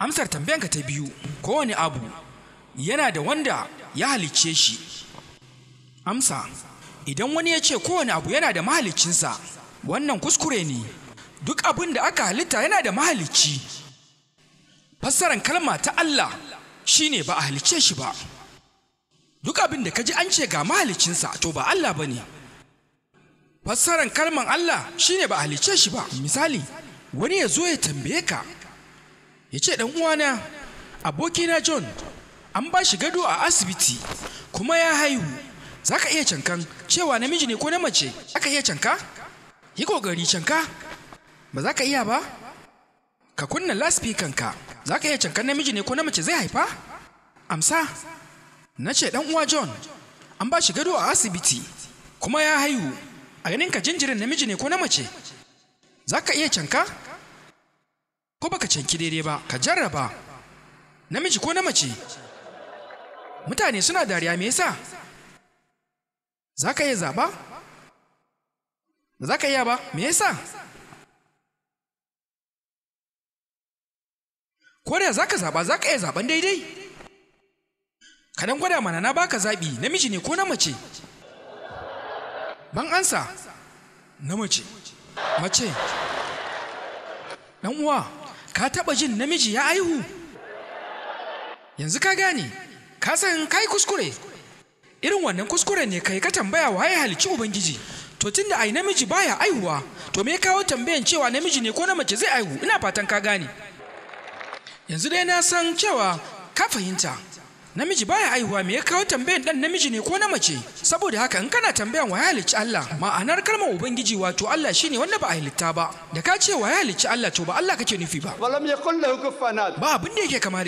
amsar tambayanka ta biyu kowane abu yana da wanda ya halicce shi amsa idan wani ya ce kowane abu yana da mahaliccinsa wannan kuskure ne duk abin da aka halitta yana da mahalicci fassaran kalma ta Allah shine ba a halicce shi ba duk abin da kaji an ce ga mahaliccinsa to ba Allah bane fassaran kalman Allah shine ba a halicce shi ba misali wani ya zo ya tambaye ka ya ce ɗan uwana abokina john an ba shi gado a asibiti kuma ya haihu za ka iya cankan cewa namiji ne ko na mace za ka iya canka yi ƙoƙari canka ba za ka iya ba ka kunna laspikanka za ka iya cankan namiji ne ko na mace zai haifa amsa na ce ɗan uwa john an ba shi gado a asibiti kuma ya haihu a ganin ka jinjirin namiji ne ko na mace za ka iya canka ko baka canki daidai ba ka jarraba namiji ko na mace mutane suna dariya me yasa za ka iya zaɓa ba za ka iya ba me yasa ko da za ka zaɓa za ka iya zaɓen daidai ka gwada mana na baka zaɓi namiji ne ko na mace ban ansa na mace mace ɗan uwa ka taɓa jin namiji ya aihu yanzu ka gane ka san kai kuskure irin wannan kuskure ne kai ka tambaya wa ya halicci ubangiji to tunda ai namiji ba ya aihuwa to me kawo tambayan cewa namiji ne ko na mace zai aihu ina fatan ka gane yanzu dai na san cewa ka fahimta namiji baya aihuwa me ya kawo tambayan dan namiji ne ko na mace saboda haka in kana tambayan wa ya halicci Allah ma'anar kalmar ubangiji wato Allah shine wanda ba a halitta ba da ka ce wa ya halicci Allah to ba Allah kake nufi ba ba abin da yake kama da